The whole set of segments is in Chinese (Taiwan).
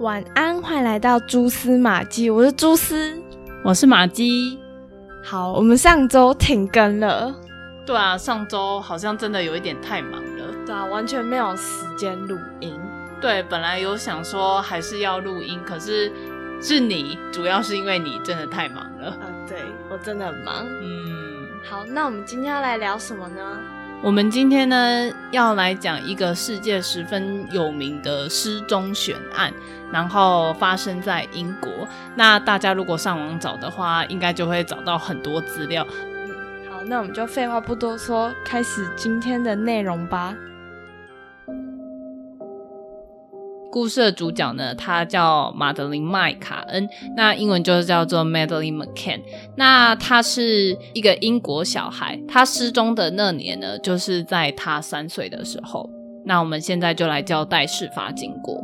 晚安，歡迎來到蛛絲馬跡。我是蛛絲，我是馬雞。好，我們上週停更了。對啊，上週好像真的有一點太忙了。對啊，完全沒有時間錄音。對，本來有想說還是要錄音，可是是你，主要是因為你真的太忙了。啊，對，我真的很忙。嗯，好，那我們今天要來聊什麼呢？我們今天呢，要來講一個世界十分有名的失蹤懸案，然後發生在英國。那大家如果上網找的話，應該就會找到很多資料。嗯，好，那我們就廢話不多說，開始今天的內容吧。故事的主角呢，他叫瑪德琳·麥卡恩，那英文就是叫做 Madeleine McCann。那他是一個英國小孩，他失蹤的那年呢，就是在他三歲的時候。那我們現在就來交代事發經過。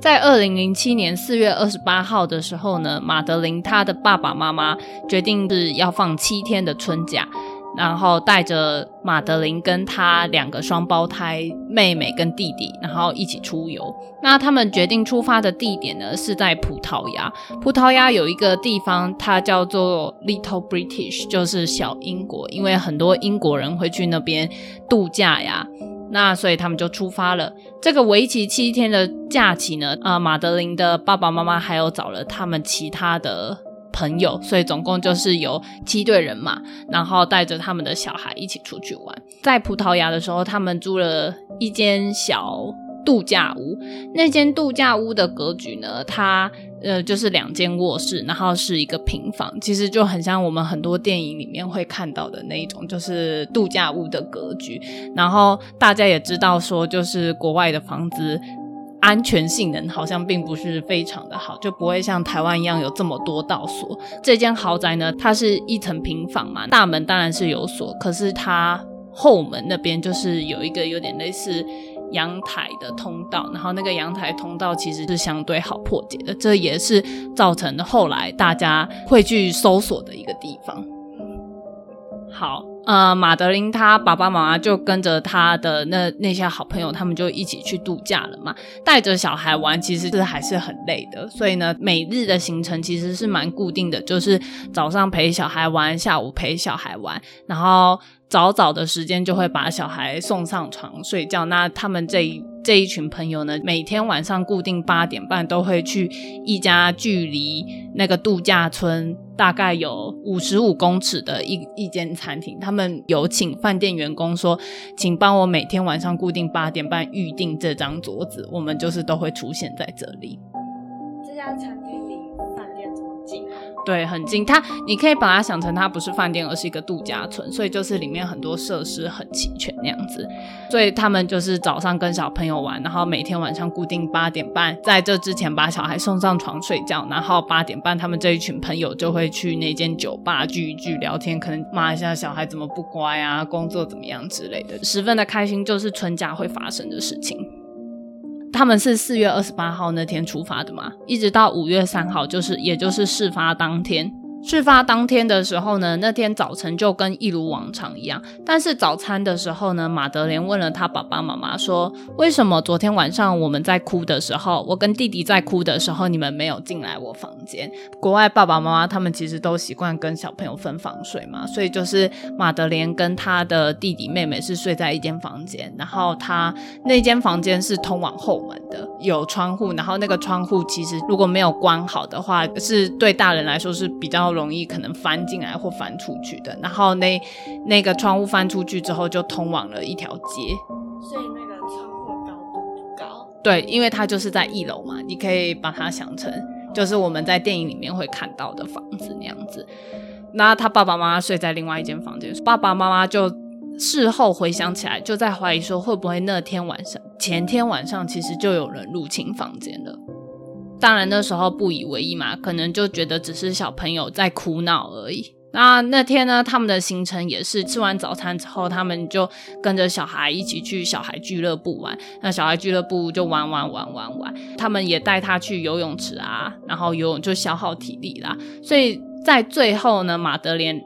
在二零零七年四月二十八號的時候呢，瑪德琳他的爸爸媽媽決定是要放七天的春假。然後帶着馬德琳跟她兩個雙胞胎妹妹跟弟弟，然後一起出遊。那他們決定出發的地點呢，是在葡萄牙。葡萄牙有一個地方，它叫做 Little British，就是小英國，因為很多英國人會去那邊度假呀。那所以他們就出發了。這個為期七天的假期呢，啊、呃，馬德琳的爸爸媽媽還有找了他們其他的。朋友，所以總共就是有七隊人馬，然後帶着他們的小孩一起出去玩。在葡萄牙的時候，他們租了一間小度假屋。那間度假屋的格局呢，它呃就是兩間臥室，然後是一個平房，其實就很像我們很多電影裡面會看到的那一種，就是度假屋的格局。然後大家也知道說，就是國外的房子。安全性能好像並不是非常的好，就不會像台灣一樣有這麼多道鎖。這間豪宅呢，它是一層平房嘛，大門當然是有鎖，可是它後門那邊就是有一個有點類似陽台的通道，然後那個陽台通道其實是相對好破解的，這也是造成後來大家會去搜索的一個地方。好。呃，瑪德琳她爸爸媽媽就跟着她的那那些好朋友，他們就一起去度假了嘛。帶着小孩玩，其實是還是很累的。所以呢，每日的行程其實是蠻固定的，就是早上陪小孩玩，下午陪小孩玩，然後。早早的時間就會把小孩送上床睡覺。那他們這一這一群朋友呢，每天晚上固定八點半都會去一家距離那個度假村大概有五十五公尺的一一間餐廳。他們有請飯店員工說，請幫我每天晚上固定八點半預訂這張桌子。我們就是都會出現在這裡。這家餐廳。對，很近。它，你可以把它想成，它不是飯店，而是一個度假村，所以就是裡面很多設施很齊全那樣子。所以他們就是早上跟小朋友玩，然後每天晚上固定八點半，在這之前把小孩送上床睡覺，然後八點半他們這一群朋友就會去那間酒吧聚一聚，聊天，可能罵一下小孩怎麼不乖啊，工作怎麼樣之類的。十分的開心，就是春假會發生的事情。他們是四月二十八號那天出發的嘛，一直到五月三號，就是也就是事發當天。事發當天的時候呢，那天早晨就跟一如往常一樣。但是早餐的時候呢，馬德蓮問了他爸爸媽媽說：“為什麼昨天晚上我們在哭的時候，我跟弟弟在哭的時候，你們沒有進來我房間？”國外爸爸媽媽他們其實都習慣跟小朋友分房睡嘛，所以就是馬德蓮跟他的弟弟妹妹是睡在一間房間，然後他那間房間是通往後門的，有窗戶，然後那個窗戶其實如果沒有關好的話，是對大人來說是比較。容易可能翻進來或翻出去的，然後那那個窗戶翻出去之後就通往了一條街，所以那個窗戶高度不高？對，因為它就是在一樓嘛，你可以把它想成就是我們在電影裡面會看到的房子那樣子。那他爸爸媽媽睡在另外一間房間，爸爸媽媽就事後回想起來，就在懷疑說會不會那天晚上，前天晚上其實就有人入侵房間了。當然那時候不以為意嘛，可能就覺得只是小朋友在哭鬧而已。那那天呢，他們的行程也是吃完早餐之後，他們就跟着小孩一起去小孩俱樂部玩，那小孩俱樂部就玩玩玩玩玩，他們也帶他去游泳池啊，然後游泳就消耗體力啦。所以在最後呢，馬德蓮。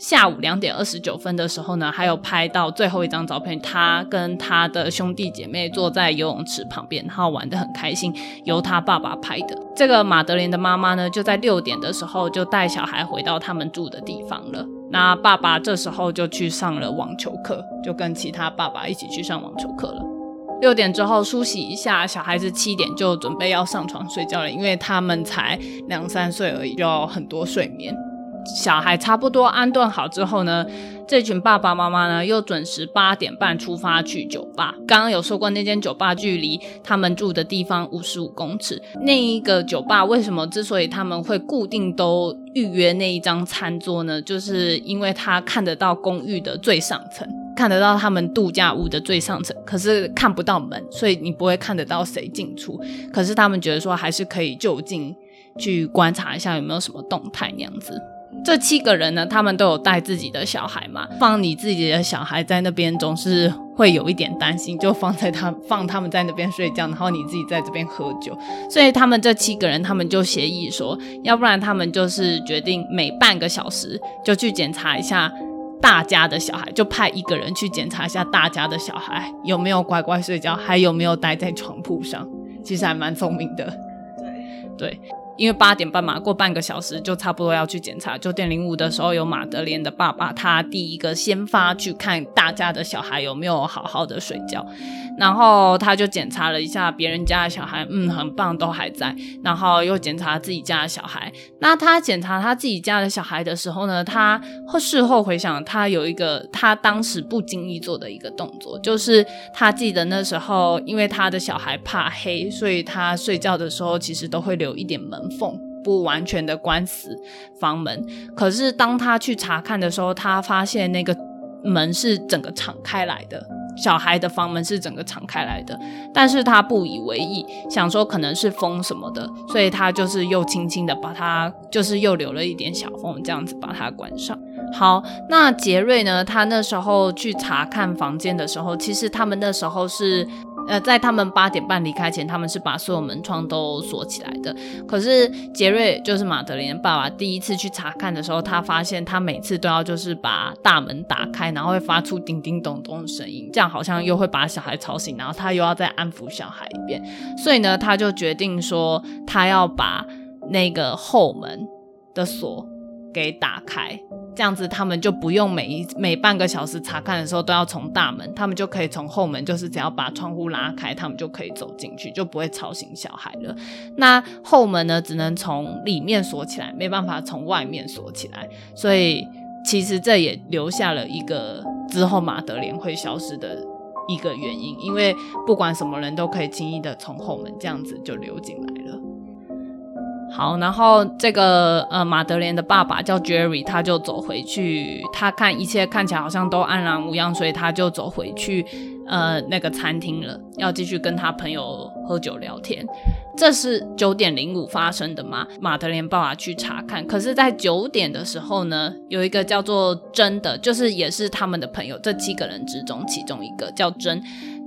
下午兩點二十九分的時候呢，還有拍到最後一張照片，他跟他的兄弟姐妹坐在游泳池旁邊，然後玩得很開心，由他爸爸拍的。這個瑪德琳的媽媽呢，就在六點的時候就帶小孩回到他們住的地方了。那爸爸這時候就去上了網球課，就跟其他爸爸一起去上網球課了。六點之後梳洗一下，小孩子七點就準備要上床睡覺了，因為他們才兩三歲而已，就要很多睡眠。小孩差不多安頓好之後呢，這群爸爸媽媽呢，又準時八點半出發去酒吧。剛剛有說過那間酒吧距離他們住的地方五十五公尺。那一個酒吧為什麼之所以他們會固定都預約那一張餐桌呢？就是因為他看得到公寓的最上層，看得到他們度假屋的最上層，可是看不到門，所以你不會看得到誰進出。可是他們覺得說還是可以就近去觀察一下有沒有什麼動態那樣子。這七個人呢，他們都有帶自己的小孩嘛。放你自己的小孩在那邊，總是會有一點擔心，就放在他放他們在那邊睡覺，然後你自己在這邊喝酒。所以他們這七個人，他們就協議說，要不然他們就是決定每半個小時就去檢查一下大家的小孩，就派一個人去檢查一下大家的小孩有沒有乖乖睡覺，還有沒有待在床鋪上。其實還蠻聰明的，對對。對因為八點半嘛，過半個小時就差不多要去檢查。九點零五的時候，有馬德蓮的爸爸，他第一個先發去看大家的小孩有沒有好好的睡覺，然後他就檢查了一下別人家的小孩，嗯，很棒，都還在。然後又檢查自己家的小孩。那他檢查他自己家的小孩的時候呢，他事後回想，他有一個他當時不經意做的一個動作，就是他記得那時候，因為他的小孩怕黑，所以他睡覺的時候其實都會留一點門。縫不完全的關死房門，可是當他去查看的時候，他發現那個門是整個敞開來的，小孩的房門是整個敞開來的，但是他不以為意，想說可能是風什麼的，所以他就是又輕輕的把它，就是又留了一點小縫，這樣子把它關上。好，那傑瑞呢？他那時候去查看房間的時候，其實他們那時候是。呃，在他們八點半離開前，他們是把所有門窗都鎖起來的。可是傑瑞就是馬德琳爸爸第一次去查看的時候，他發現他每次都要就是把大門打開，然後會發出叮叮咚咚的聲音，這樣好像又會把小孩吵醒，然後他又要再安撫小孩一遍。所以呢，他就決定說，他要把那個後門的鎖。給打開，這樣子他們就不用每一每半個小時查看的時候都要從大門，他們就可以從後門，就是只要把窗戶拉開，他們就可以走進去，就不會吵醒小孩了。那後門呢，只能從裡面鎖起來，沒辦法從外面鎖起來。所以其實這也留下了一個之後馬德蓮會消失的一個原因，因為不管什麼人都可以輕易的從後門這樣子就溜進來了。好，然後這個呃，瑪德琳的爸爸叫 Jerry，他就走回去，他看一切看起來好像都安然無恙，所以他就走回去，呃，那個餐廳了，要繼續跟他朋友喝酒聊天。這是九點零五發生的嗎？瑪德琳爸爸去查看，可是，在九點的時候呢，有一個叫做珍的，就是也是他們的朋友，這七個人之中，其中一個叫珍，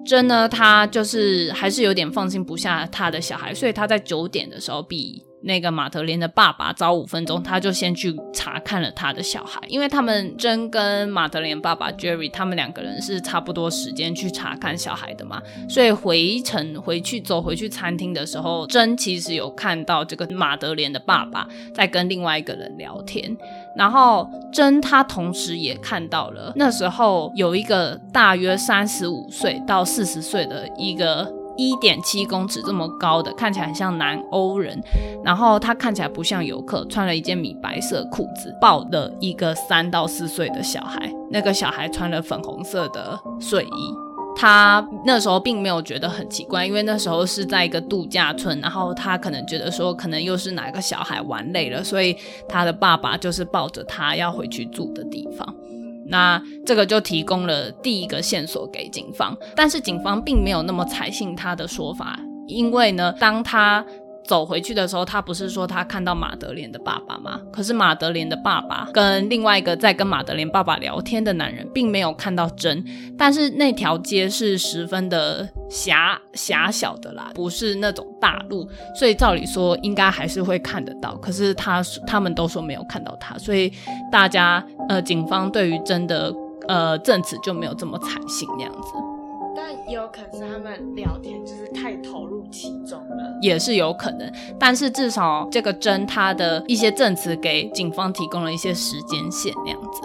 珍呢，他就是還是有點放心不下他的小孩，所以他在九點的時候比。那個瑪德琳的爸爸早五分鐘，他就先去查看了他的小孩，因為他們珍跟瑪德琳爸爸 Jerry 他們兩個人是差不多時間去查看小孩的嘛，所以回程回去走回去餐廳的時候，珍其實有看到這個瑪德琳的爸爸在跟另外一個人聊天，然後珍他同時也看到了那時候有一個大約三十五歲到四十歲的一個。一點七公尺這麼高的，看起來很像南歐人，然後他看起來不像遊客，穿了一件米白色褲子，抱了一個三到四歲的小孩。那個小孩穿了粉紅色的睡衣，他那時候並沒有覺得很奇怪，因為那時候是在一個度假村，然後他可能覺得說，可能又是哪個小孩玩累了，所以他的爸爸就是抱着他要回去住的地方。那這個就提供了第一個線索給警方，但是警方並沒有那麼採信他的說法，因為呢，當他走回去的時候，他不是說他看到馬德蓮的爸爸嗎？可是馬德蓮的爸爸跟另外一個在跟馬德蓮爸爸聊天的男人，並沒有看到 Jane。但是那條街是十分的狹狹小的啦，不是那種大路，所以照理說應該還是會看得到。可是他他們都說沒有看到他，所以大家呃警方對於 Jane 的呃證詞就沒有這麼採信那樣子。但有可能是他們聊天就是太投入其中了，也是有可能。但是至少這個 Jane，她的一些證詞給警方提供了一些時間線，那樣子。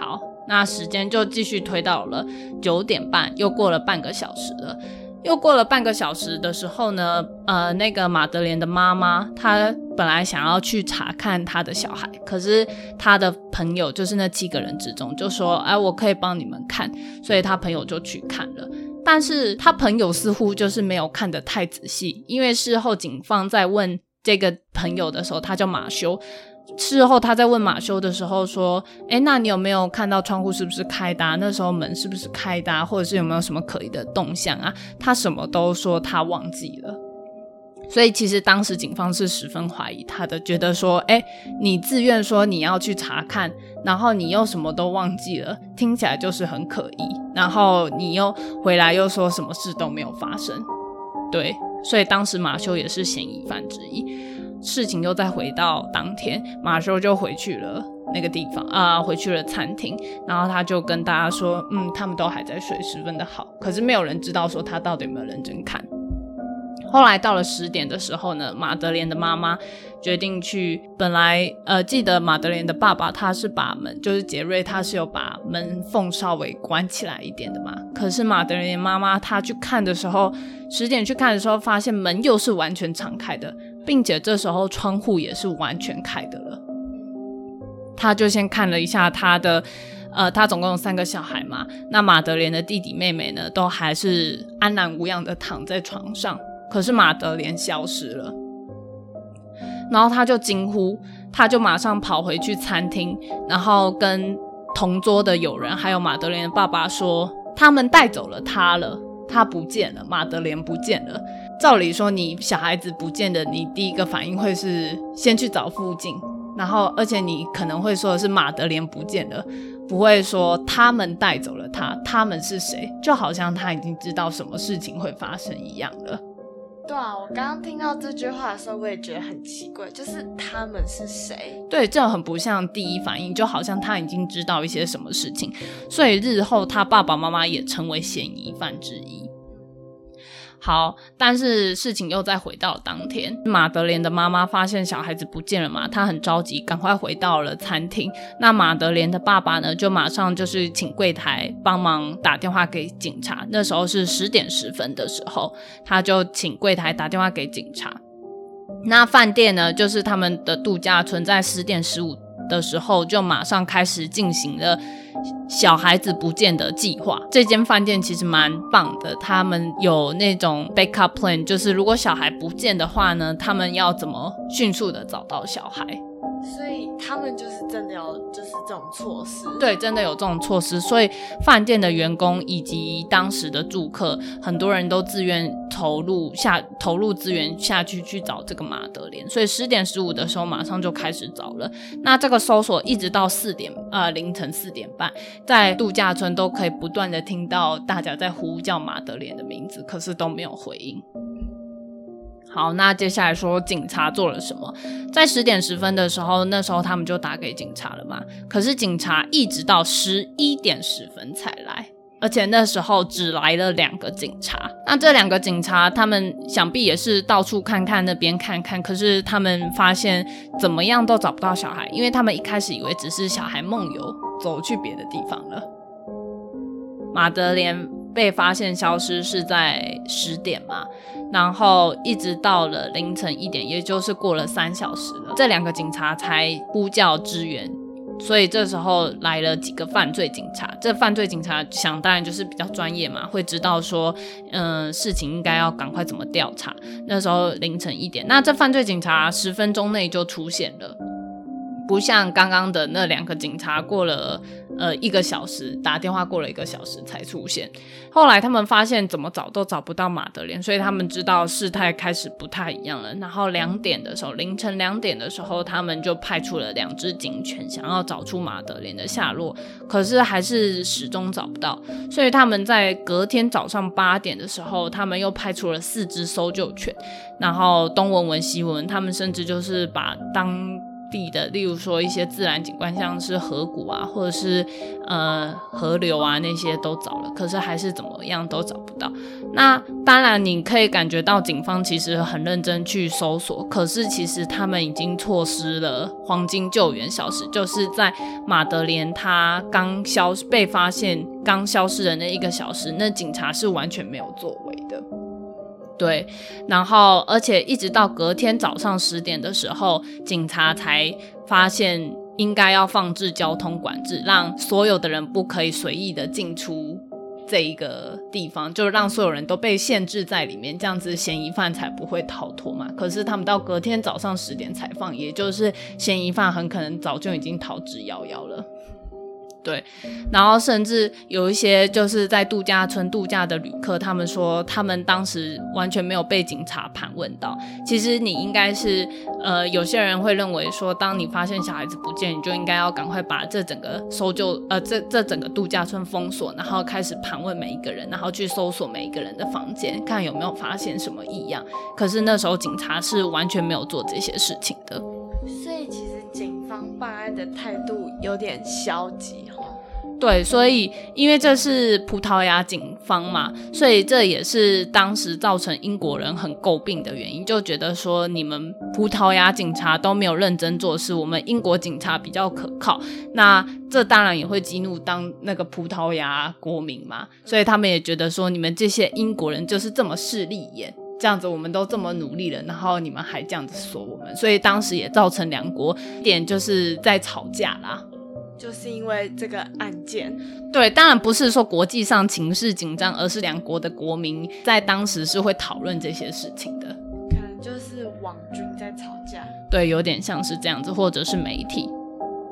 好，那時間就繼續推到了九點半，又過了半個小時了。又過了半個小時的時候呢，呃，那個瑪德琳的媽媽，她本來想要去查看她的小孩，可是她的朋友，就是那七個人之中，就說：“哎，我可以幫你們看。”所以她朋友就去看了，但是她朋友似乎就是沒有看得太仔細，因為事後警方在問這個朋友的時候，他叫馬修。事後，他在問馬修的時候說：“欸，那你有沒有看到窗戶是不是開的啊？那時候門是不是開的啊？或者是有沒有什麼可疑的動向啊？”他什麼都說他忘記了，所以其實當時警方是十分懷疑他的，覺得說：“欸，你自願說你要去查看，然後你又什麼都忘記了，聽起來就是很可疑。然後你又回來又說什麼事都沒有發生，對，所以當時馬修也是嫌疑犯之一。”事情又再回到當天，馬修就回去了那個地方啊、呃，回去了餐廳，然後他就跟大家說：“嗯，他們都還在睡，十分的好。可是沒有人知道說他到底有沒有認真看。”後來到了十點的時候呢，馬德蓮的媽媽決定去。本來呃，記得馬德蓮的爸爸他是把門，就是杰瑞他是有把門縫稍微關起來一點的嘛。可是馬德蓮的媽媽她去看的時候，十點去看的時候，發現門又是完全敞開的。並且這時候窗戶也是完全開的了，他就先看了一下他的，呃，他總共有三個小孩嘛，那馬德蓮的弟弟妹妹呢都還是安然無恙的躺在床上，可是馬德蓮消失了，然後他就驚呼，他就馬上跑回去餐廳，然後跟同桌的友人還有馬德蓮的爸爸說，他們帶走了他了。他不見了，瑪德琳不見了。照理說，你小孩子不見的，你第一個反應會是先去找附近，然後，而且你可能會說的是瑪德琳不見了，不會說他們帶走了他，他們是誰？就好像他已經知道什麼事情會發生一樣了。對啊，我剛剛聽到這句話的時候，我也覺得很奇怪，就是他們是誰？對，這很不像第一反應，就好像他已經知道一些什麼事情，所以日後他爸爸媽媽也成為嫌疑犯之一。好，但是事情又再回到當天，瑪德琳的媽媽發現小孩子不見了嘛，她很着急，趕快回到了餐廳。那瑪德琳的爸爸呢，就馬上就是請櫃檯幫忙打電話給警察。那時候是十點十分的時候，他就請櫃檯打電話給警察。那飯店呢，就是他們的度假村在十點十五的時候就馬上開始進行了小孩子不見的計劃。這間飯店其實蠻棒的，他們有那種 backup plan，就是如果小孩不見的話呢，他們要怎麼迅速的找到小孩。他們就是真的有，就是這種措施。對，真的有這種措施，所以飯店的員工以及當時的住客，很多人都自願投入下投入資源下去去找這個馬德蓮。所以十點十五的時候，馬上就開始找了。那這個搜索一直到四點，呃，凌晨四點半，在度假村都可以不斷的聽到大家在呼叫馬德蓮的名字，可是都沒有回應。好，那接下來說警察做了什麼？在十點十分的時候，那時候他們就打給警察了嘛。可是警察一直到十一點十分才來，而且那時候只來了兩個警察。那這兩個警察，他們想必也是到處看看那邊看看，可是他們發現怎麼樣都找不到小孩，因為他們一開始以為只是小孩夢遊，走去別的地方了。瑪德琳被發現消失是在十點嘛？然後一直到了凌晨一點，也就是過了三小時了，這兩個警察才呼叫支援。所以這時候來了幾個犯罪警察。這犯罪警察想當然就是比較專業嘛，會知道說，嗯、呃，事情應該要趕快怎麼調查。那時候凌晨一點，那這犯罪警察十分鐘內就出現了。不像剛剛的那兩個警察，過了呃一個小時打電話，過了一個小時才出現。後來他們發現怎麼找都找不到瑪德琳，所以他們知道事態開始不太一樣了。然後兩點的時候，凌晨兩點的時候，他們就派出了兩隻警犬，想要找出瑪德琳的下落，可是還是始終找不到。所以他們在隔天早上八點的時候，他們又派出了四隻搜救犬，然後東聞聞西聞，他們甚至就是把當地的，例如說一些自然景觀，像是河谷啊，或者是呃河流啊，那些都找了，可是還是怎麼樣都找不到。那當然，你可以感覺到警方其實很認真去搜索，可是其實他們已經錯失了黃金救援小時，就是在馬德蓮他剛消被發現剛消失的那一個小時，那警察是完全沒有作為的。對，然後而且一直到隔天早上十點的時候，警察才發現應該要放置交通管制，讓所有的人不可以隨意的進出這一個地方，就是讓所有人都被限制在裡面，這樣子嫌疑犯才不會逃脫嘛。可是他們到隔天早上十點才放，也就是嫌疑犯很可能早就已經逃之夭夭了。對，然後甚至有一些就是在度假村度假的旅客，他們說他們當時完全沒有被警察盤問到。其實你應該是，呃，有些人會認為說，當你發現小孩子不見，你就應該要趕快把這整個搜救，呃，這這整個度假村封鎖，然後開始盤問每一個人，然後去搜索每一個人的房間，看有沒有發現什麼異樣。可是那時候警察是完全沒有做這些事情的。所以其實警方辦案的態度有點消極。對，所以因為這是葡萄牙警方嘛，所以這也是當時造成英國人很詬病的原因，就覺得說你們葡萄牙警察都沒有認真做事，我們英國警察比較可靠。那這當然也會激怒當那個葡萄牙國民嘛，所以他們也覺得說你們這些英國人就是這麼勢利眼，這樣子我們都這麼努力了，然後你們還這樣子說我們，所以當時也造成兩國一點就是在吵架啦。就是因為這個案件，對，當然不是說國際上情勢緊張，而是兩國的國民在當時是會討論這些事情的，可能就是網軍在吵架，對，有點像是這樣子，或者是媒體，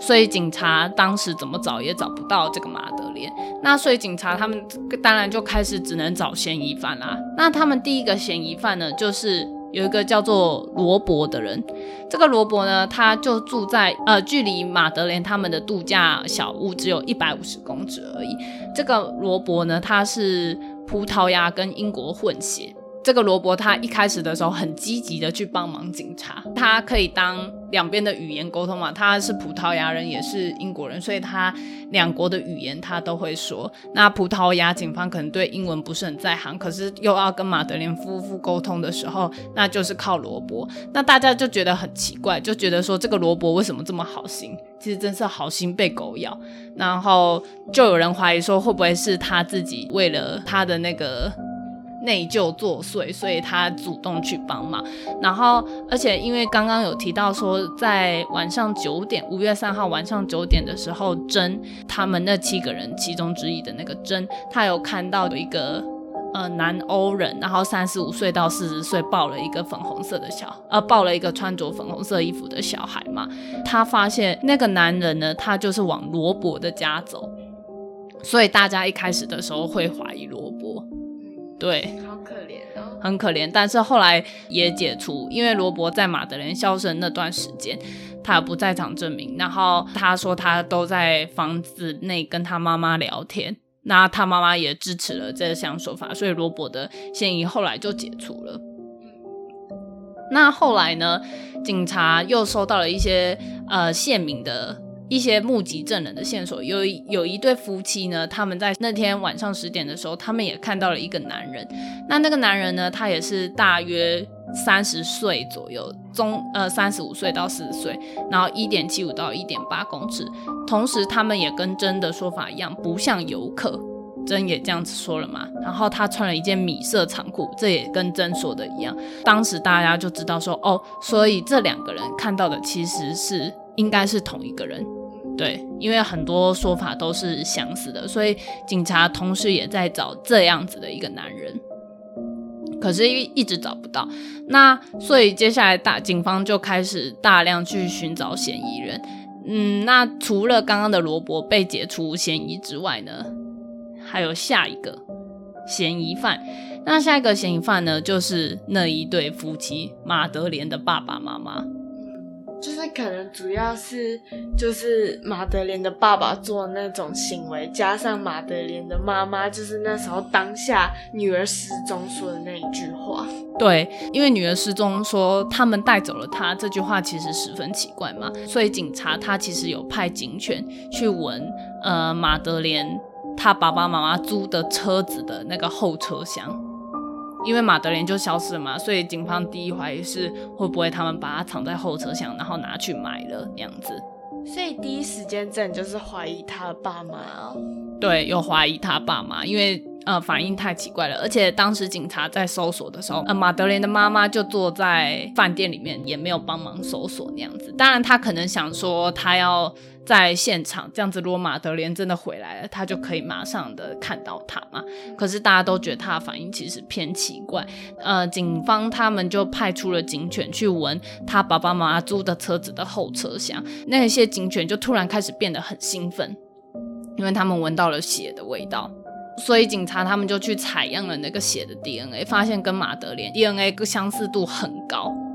所以警察當時怎麼找也找不到這個瑪德琳，那所以警察他們當然就開始只能找嫌疑犯啦、啊，那他們第一個嫌疑犯呢，就是。有一個叫做羅伯的人，這個羅伯呢，他就住在呃，距離瑪德琳他們的度假小屋只有一百五十公尺而已。這個羅伯呢，他是葡萄牙跟英國混血。這個羅伯他一開始的時候很積極的去幫忙警察，他可以當兩邊的語言溝通嘛，他是葡萄牙人也是英國人，所以他兩國的語言他都會說。那葡萄牙警方可能對英文不是很在行，可是又要跟瑪德琳夫婦溝通的時候，那就是靠羅伯。那大家就覺得很奇怪，就覺得說這個羅伯為什麼這麼好心？其實真是好心被狗咬。然後就有人懷疑說，會不會是他自己為了他的那個。內疚作祟，所以他主動去幫忙。然後，而且因為剛剛有提到說，在晚上九點，五月三號晚上九點的時候，珍他們那七個人其中之一的那個珍，他有看到有一個呃南歐人，然後三十五歲到四十歲，抱了一個粉紅色的小呃，抱了一個穿着粉紅色衣服的小孩嘛。他發現那個男人呢，他就是往羅伯的家走，所以大家一開始的時候會懷疑羅伯。對，好可憐哦，很可憐。但是後來也解除，因為羅伯在馬德蓮消失那段時間，他不在場證明。然後他說他都在房子內跟他媽媽聊天，那他媽媽也支持了這項說法，所以羅伯的嫌疑後來就解除了。那後來呢？警察又收到了一些呃，線民的。一些目擊證人的線索有有一對夫妻呢，他們在那天晚上十點的時候，他們也看到了一個男人。那那個男人呢，他也是大約三十歲左右，中呃三十五歲到四十歲，然後一點七五到一點八公尺。同時，他們也跟 Jane 的說法一樣，不像遊客。Jane 也這樣子說了嘛。然後他穿了一件米色長褲，這也跟 Jane 說的一樣。當時大家就知道說，哦，所以這兩個人看到的其實是應該是同一個人。對，因為很多說法都是相似的，所以警察同時也在找這樣子的一個男人，可是一，一一直找不到。那所以接下來大警方就開始大量去尋找嫌疑人。嗯，那除了剛剛的羅伯被解除嫌疑之外呢，還有下一個嫌疑犯。那下一個嫌疑犯呢，就是那一對夫妻瑪德琳的爸爸媽媽。就是可能主要是就是馬德蓮的爸爸做的那種行為，加上馬德蓮的媽媽就是那時候當下女兒失蹤說的那一句話。對，因為女兒失蹤說他們帶走了她這句話其實十分奇怪嘛，所以警察他其實有派警犬去聞，呃，馬德蓮他爸爸媽媽租的車子的那個後車廂。因為瑪德琳就消失了嘛，所以警方第一懷疑是會不會他們把他藏在後車廂，然後拿去賣了那樣子。所以第一時間證就是懷疑他的爸媽啊，哦。對，有懷疑他爸媽，因為呃反應太奇怪了，而且當時警察在搜索的時候，呃、瑪德琳的媽媽就坐在飯店裡面，也沒有幫忙搜索那樣子。當然他可能想說他要。在現場這樣子，如果瑪德琳真的回來了，他就可以馬上的看到他嘛。可是大家都覺得他的反應其實偏奇怪。呃，警方他們就派出了警犬去聞他爸爸媽媽租的車子的後車廂，那些警犬就突然開始變得很興奮，因為他們聞到了血的味道。所以警察他們就去採樣了那個血的 DNA，發現跟瑪德琳 DNA 個相似度很高。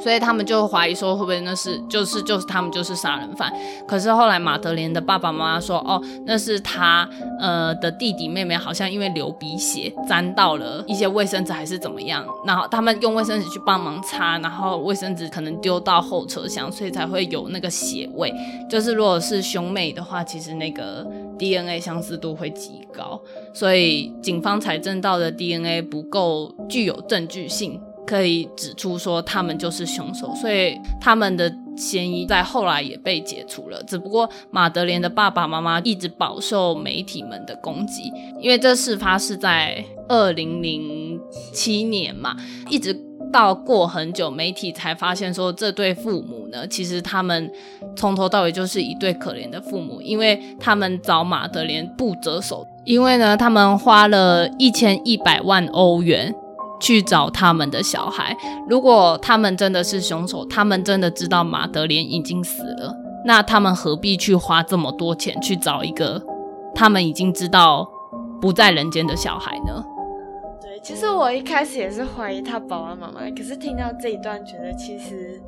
所以他們就懷疑說，會不會那是就是就是他們就是殺人犯？可是後來瑪德琳的爸爸媽媽說，哦，那是他的呃的弟弟妹妹，好像因為流鼻血沾到了一些衛生紙還是怎麼樣。然後他們用衛生紙去幫忙擦，然後衛生紙可能丟到後車廂，所以才會有那個血味。就是如果是兄妹的話，其實那個 DNA 相似度會極高，所以警方採證到的 DNA 不夠具有證據性。可以指出說他們就是兇手，所以他們的嫌疑在後來也被解除了。只不過瑪德琳的爸爸媽媽一直飽受媒體們的攻擊，因為這事發是在二零零七年嘛，一直到過很久，媒體才發現說，這對父母呢，其實他們從頭到尾就是一對可憐的父母，因為他們找瑪德琳不擇手，因為呢，他們花了一千一百萬歐元。去找他們的小孩。如果他們真的是兇手，他們真的知道瑪德琳已經死了，那他們何必去花這麼多錢去找一個他們已經知道不在人間的小孩呢？對，其實我一開始也是懷疑他爸爸媽媽，可是聽到這一段，覺得其實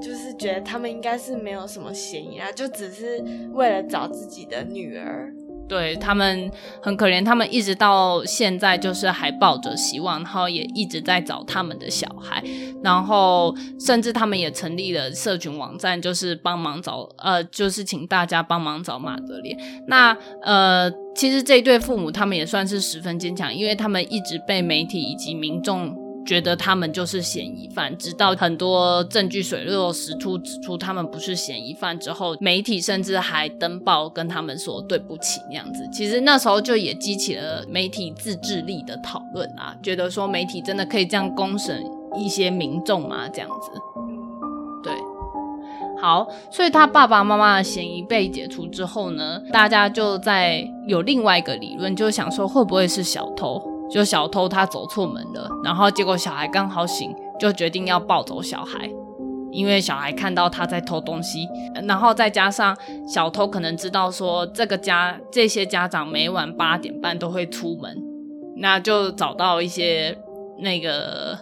就是覺得他們應該是沒有什麼嫌疑啊，就只是為了找自己的女兒。對他們很可憐，他們一直到現在就是還抱着希望，然後也一直在找他們的小孩，然後甚至他們也成立了社群網站，就是幫忙找，呃，就是請大家幫忙找瑪德琳。那呃，其實這對父母他們也算是十分堅強，因為他們一直被媒體以及民眾覺得他們就是嫌疑犯，直到很多證據水落石出，指出他們不是嫌疑犯之後，媒體甚至還登報跟他們說對不起那樣子。其實那時候就也激起了媒體自制力的討論啊，覺得說媒體真的可以這樣公審一些民眾嗎？這樣子，對，好，所以他爸爸媽媽的嫌疑被解除之後呢，大家就在有另外一個理論，就想說會不會是小偷？就小偷他走錯門了，然後結果小孩剛好醒，就決定要抱走小孩，因為小孩看到他在偷東西，然後再加上小偷可能知道說這個家這些家長每晚八點半都會出門，那就找到一些那個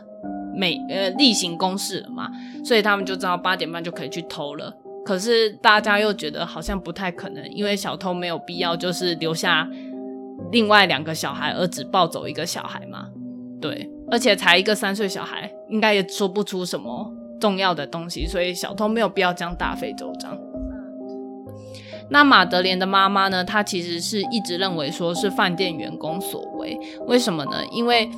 每呃例行公事了嘛，所以他們就知道八點半就可以去偷了。可是大家又覺得好像不太可能，因為小偷沒有必要就是留下。另外兩個小孩而只抱走一個小孩嗎？對，而且才一個三歲小孩，應該也說不出什麼重要的東西，所以小偷沒有必要這樣大費周章。那馬德蓮的媽媽呢？她其實是一直認為說是飯店員工所為，為什麼呢？因為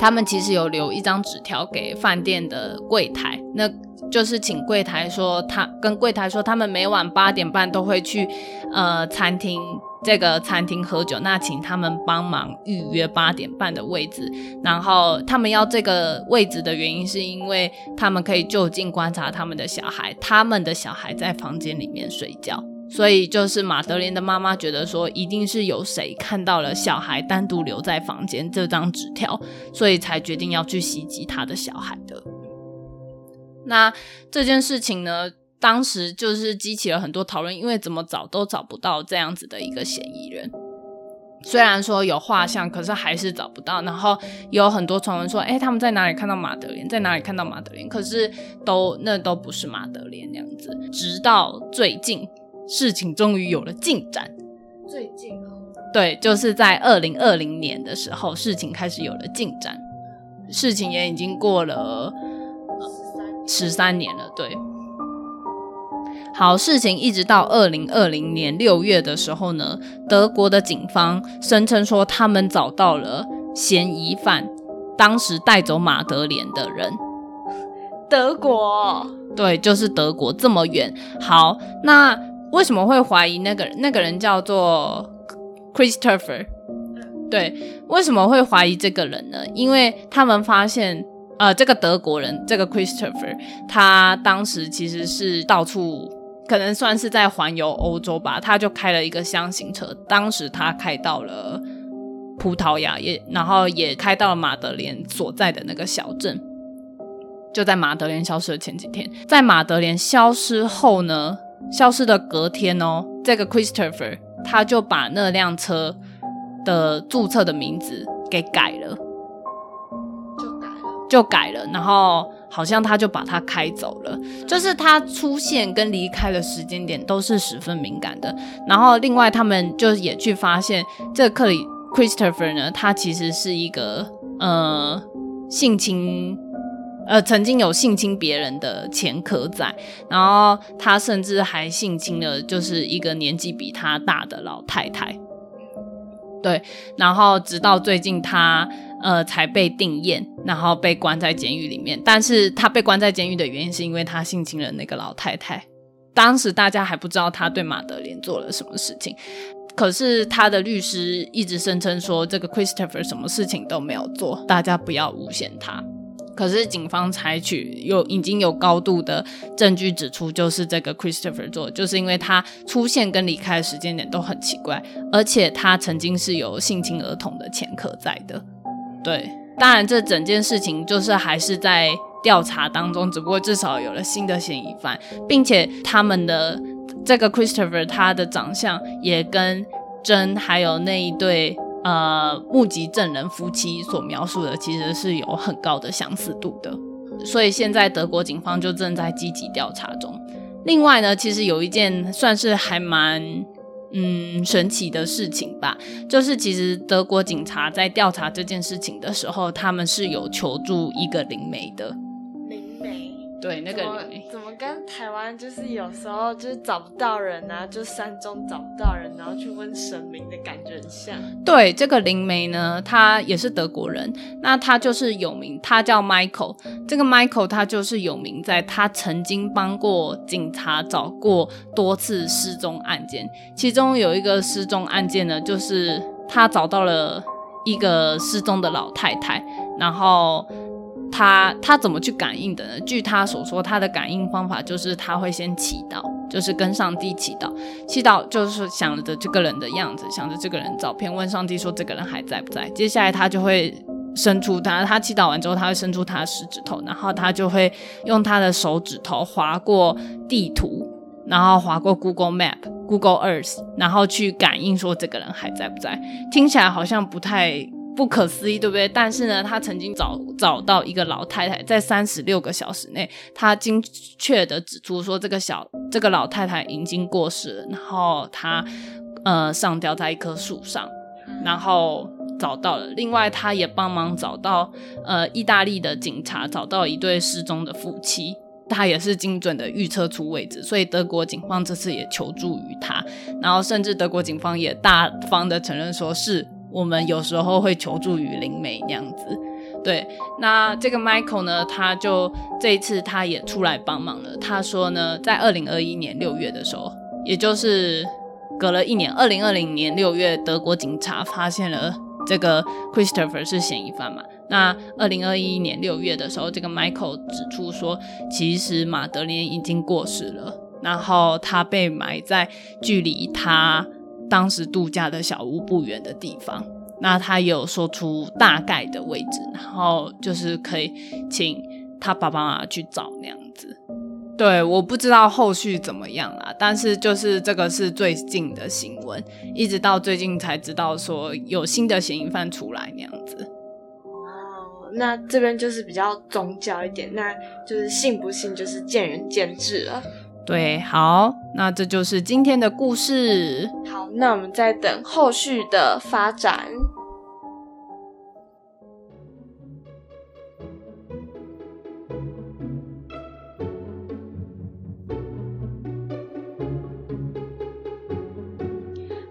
他們其實有留一張紙條給飯店的櫃檯，那。就是請櫃檯說他，他跟櫃檯說，他們每晚八點半都會去呃餐廳，這個餐廳喝酒，那請他們幫忙預約八點半的位置。然後他們要這個位置的原因，是因為他們可以就近觀察他們的小孩，他們的小孩在房間裡面睡覺。所以就是瑪德琳的媽媽覺得說，一定是有誰看到了小孩單獨留在房間這張紙條，所以才決定要去襲擊他的小孩的。那這件事情呢，當時就是激起了很多討論，因為怎麼找都找不到這樣子的一個嫌疑人。雖然說有畫像，可是還是找不到。然後有很多傳聞說，誒、欸，他們在哪裡看到馬德蓮，在哪裡看到馬德蓮，可是都那都不是馬德蓮那樣子。直到最近，事情終於有了進展。最近哦，對，就是在二零二零年的時候，事情開始有了進展。事情也已經過了。十三年了，對。好，事情一直到二零二零年六月的時候呢，德國的警方聲稱說，他們找到了嫌疑犯，當時帶走馬德蓮的人。德國，對，就是德國，這麼遠。好，那為什麼會懷疑那個那個人叫做 Christopher？對，為什麼會懷疑這個人呢？因為他們發現。呃，這個德國人，這個 Christopher，他當時其實是到處，可能算是在環遊歐洲吧。他就開了一個箱型車，當時他開到了葡萄牙，也然後也開到了瑪德琳所在的那個小鎮，就在瑪德琳消失的前幾天。在瑪德琳消失後呢，消失的隔天哦，這個 Christopher，他就把那輛車的註冊的名字給改了。就改了，然後好像他就把他開走了，就是他出現跟離開的時間點都是十分敏感的。然後另外他們就也去發現，這個、克里 Christopher 呢，他其實是一個呃性侵，呃曾經有性侵別人的前科仔，然後他甚至還性侵了就是一個年紀比他大的老太太。對，然後直到最近他呃才被定讞，然後被關在監獄裡面。但是他被關在監獄的原因是因為他性侵了那個老太太。當時大家還不知道他對馬德蓮做了什麼事情，可是他的律師一直聲稱說這個 Christopher 什麼事情都沒有做，大家不要誣陷他。可是警方採取有已經有高度的證據指出，就是這個 Christopher 做，就是因為他出現跟離開的時間點都很奇怪，而且他曾經是有性侵兒童的前科在的。對，當然這整件事情就是還是在調查當中，只不過至少有了新的嫌疑犯，並且他們的這個 Christopher 他的長相也跟珍還有那一對。呃，目擊證人夫妻所描述的其實是有很高的相似度的，所以現在德國警方就正在積極調查中。另外呢，其實有一件算是還蠻嗯神奇的事情吧，就是其實德國警察在調查這件事情的時候，他們是有求助一個靈媒的。對，那個靈媒，怎麼跟台灣就是有時候就是找不到人啊，就山中找不到人，然後去問神明的感覺很像。對，這個靈媒呢，他也是德國人，那他就是有名，他叫 Michael。這個 Michael 他就是有名，在他曾經幫過警察，找過多次失蹤案件，其中有一個失蹤案件呢，就是他找到了一個失蹤的老太太，然後。他他怎麼去感應的呢？據他所說，他的感應方法就是他會先祈禱，就是跟上帝祈禱，祈禱就是想着這個人的樣子，想着這個人照片，問上帝說這個人還在不在。接下來他就會伸出他，他祈禱完之後，他會伸出他的食指頭，然後他就會用他的手指頭劃過地圖，然後劃過 Google Map、Google Earth，然後去感應說這個人還在不在。聽起來好像不太。不可思議，對不對？但是呢，他曾經找找到一個老太太，在三十六個小時內，他精確的指出說，這個小這個老太太已經過世了，然後他呃上吊在一棵樹上，然後找到了。另外，他也幫忙找到呃意大利的警察，找到一對失蹤的夫妻，他也是精準的預測出位置，所以德國警方這次也求助於他，然後甚至德國警方也大方的承認說是。我們有時候會求助於靈媒那樣子，對。那這個 Michael 呢，他就這一次他也出來幫忙了。他說呢，在二零二一年六月的時候，也就是隔了一年，二零二零年六月，德國警察發現了這個 Christopher 是嫌疑犯嘛。那二零二一年六月的時候，這個 Michael 指出說，其實馬德琳已經過世了，然後他被埋在距離他。當時度假的小屋不遠的地方，那他也有說出大概的位置，然後就是可以請他爸爸媽媽去找那樣子。對，我不知道後續怎麼樣啦，但是就是這個是最近的新聞，一直到最近才知道說有新的嫌疑犯出來那樣子。哦，wow, 那這邊就是比較宗教一點，那就是信不信就是見仁見智了。對，好，那這就是今天的故事。那我們再等後續的發展。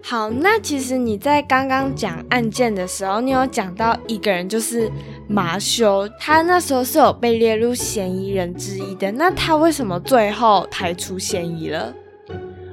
好，那其實你在剛剛講案件的時候，你有講到一個人，就是馬修，他那時候是有被列入嫌疑人之一的。那他為什麼最後排除嫌疑了？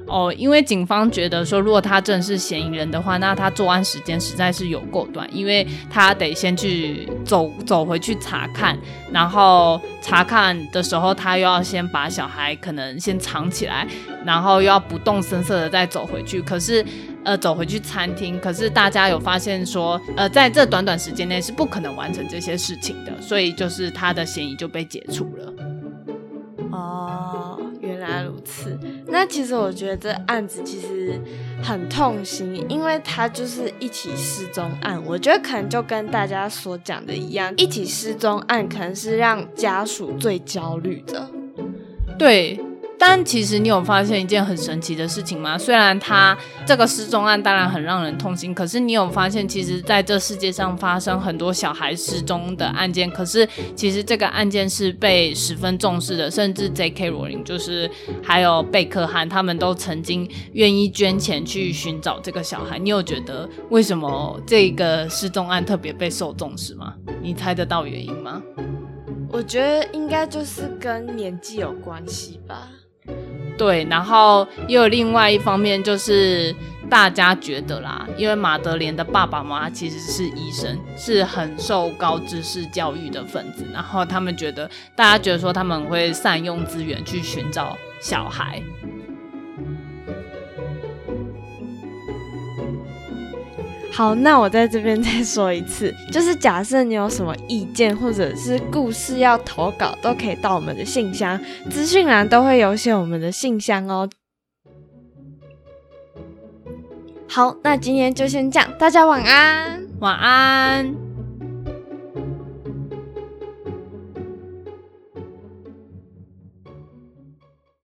哦，因為警方覺得說，如果他真是嫌疑人的話，那他作案時間實在是有夠短，因為他得先去走走回去查看，然後查看的時候，他又要先把小孩可能先藏起來，然後又要不動聲色的再走回去。可是，呃，走回去餐廳，可是大家有發現說，呃，在這短短時間內是不可能完成這些事情的，所以就是他的嫌疑就被解除了。哦。那其實我覺得這案子其實很痛心，因為他就是一起失蹤案。我覺得可能就跟大家所講的一樣，一起失蹤案可能是讓家屬最焦慮的。對。但其實你有發現一件很神奇的事情嗎？雖然他這個失蹤案當然很讓人痛心，可是你有發現，其實在這世界上發生很多小孩失蹤的案件，可是其實這個案件是被十分重視的，甚至 J.K. Rowling 就是還有貝克漢他們都曾經願意捐錢去尋找這個小孩。你有覺得為什麼這個失蹤案特別備受重視嗎？你猜得到原因嗎？我覺得應該就是跟年紀有關係吧。對，然後也有另外一方面，就是大家覺得啦，因為瑪德琳的爸爸媽媽其實是醫生，是很受高知識教育的分子，然後他們覺得，大家覺得說他們會善用資源去尋找小孩。好，那我在這邊再說一次，就是假設你有什麼意見或者是故事要投稿，都可以到我們的信箱，資訊欄都會有寫我們的信箱哦。好，那今天就先這樣，大家晚安，晚安。